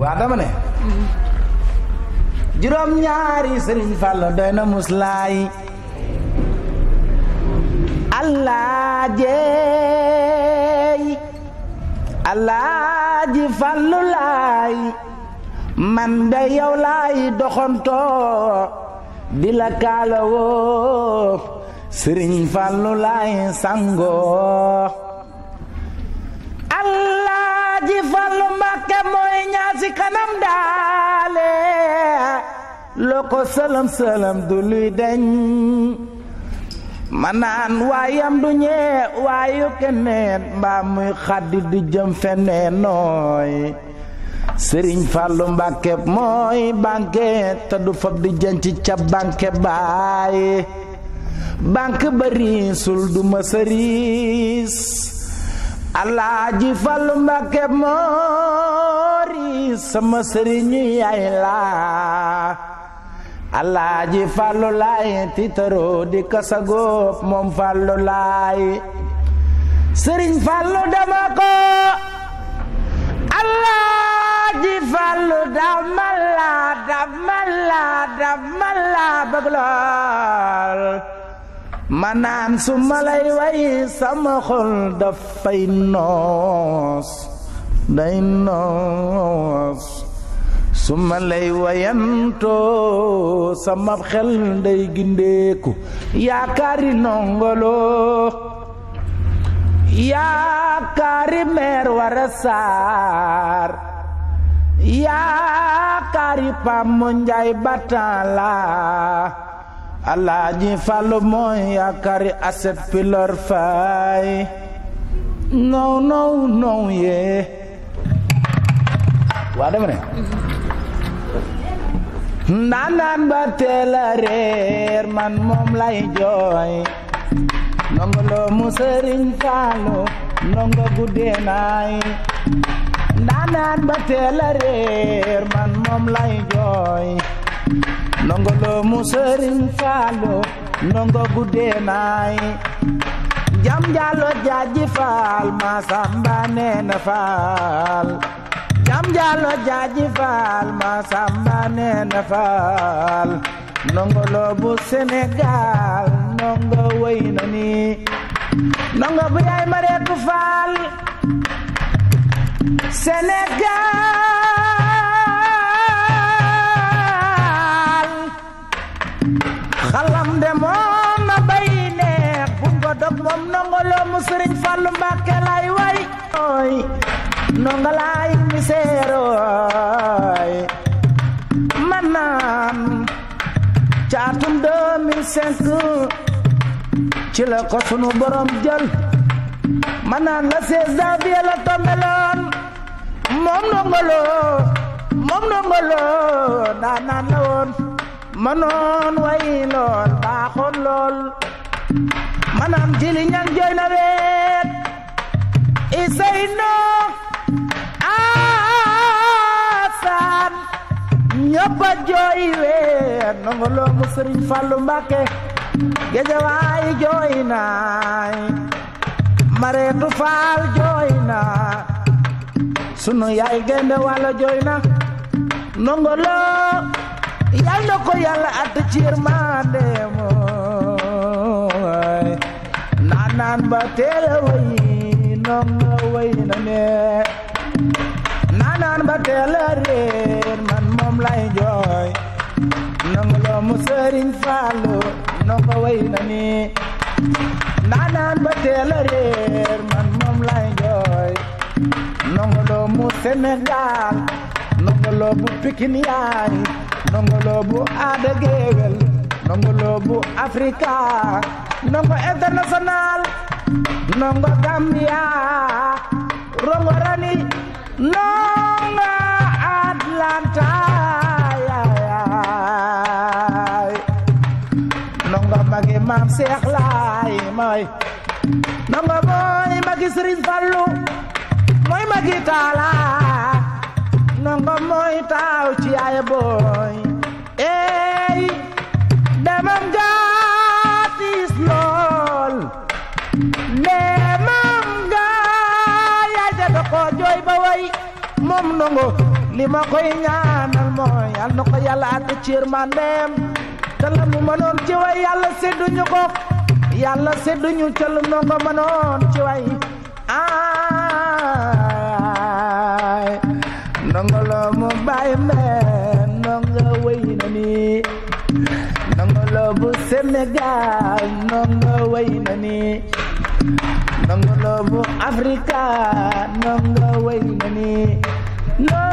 waa dama juróom ñaari sëriñ Fàllu doy na muslaay allah jeey allah ji Fàllu laay man de yow laay doxantoo di la kaalawoo sëriñ Fàllu sangoo Alaaji Fallu Mbàkke mooy ñaasi kanam daale loo sëlëm sëlëm du luy deñ ma naan waayam du ñee waayu keneen mbaa muy xaddi di feneen nooy sëriñ Fallu Mbàkke mooy banque te du fab di jën ci ca banque du ma sëriis alaaji Fallu Mbàkke moori sama sëriñu yaay laa alaaji Fallu laay tiitaroo di kasagóob moom Fallu laay sëriñ Fallu dama ko alaaji Fallu dama laa dama laa dama manaan su ma lay way sama xol dafay noos day noos su lay wayantoo sama xel day gindeeku yaakaari nongolo yaakaari meer wara saar yaakaari pammo njaay bataala alaaji Fàllu mooy yaakaari aset pilor faay now now now yee waa dama ne ndaanaan ba teela reer man moom lay jooy ndongo sëriñ Fàllu ndongo guddee naay ndaanaan ba teela reer man moom lay jooy ndongolo mu sëriñ faalo ndongo guddee naay jam jalo jaaji faal ma samba neena faal jam jalo jaaji faal ma samba neena faal ndongolo bu Sénégal ndongo wëy na bu yaay mareetu faal Sénégal xalam de moom a bay neex bu ko moom nongoloo mu sëriñ Fallu Mbàkke lay way ooy nongolaay mi seerooy manaan caatum 2005 ci la ko sunu borom jël manaan la seize janvier tombeloon moom nongoloo moom nongoloo naan la woon manoon way lool baaxoon lool manam jili ñan jooy weet isay noo asaan ñëpp a jooy weet nongo loomu sëriñ Fallu Mbàkke géejawaay jooy faal jooy sunu yaay gaynde wàlla jooy na yal na ko yàlla at ci yërmandeem naan naan ba teel a wëy noom na wëy na ne naan naan ba teel a man moom lay jooy nangu loo mu sëriñ Faalu noo ko wëy na ni naan ba teel a man moom lay jooy nangu loo mu Sénégal nangu loo bu Pikin nongo lobu ada géewel nongo lobu afrika nongo international nongo gambia rongo rani nongo atlanta nongo bagi mam sheikh lay mooy nongo boy bagi sëriñ fallu moy magi tala nongo moy taw ci ay boy ko jooy ba way moom ndongo li ma koy ñaanal mooy yal na ko yàlla àtte ci yërmandeem te la mu mënoon ci way yàlla sédduñu ko yàlla sédduñu ca lu ndongo mënoon ci way aay ndongo loo mu bàyyi mbeen ndongo way na ni ndongo loo bu Sénégal ndongo way na ni Nongo lobo Africa, nongo way money. No.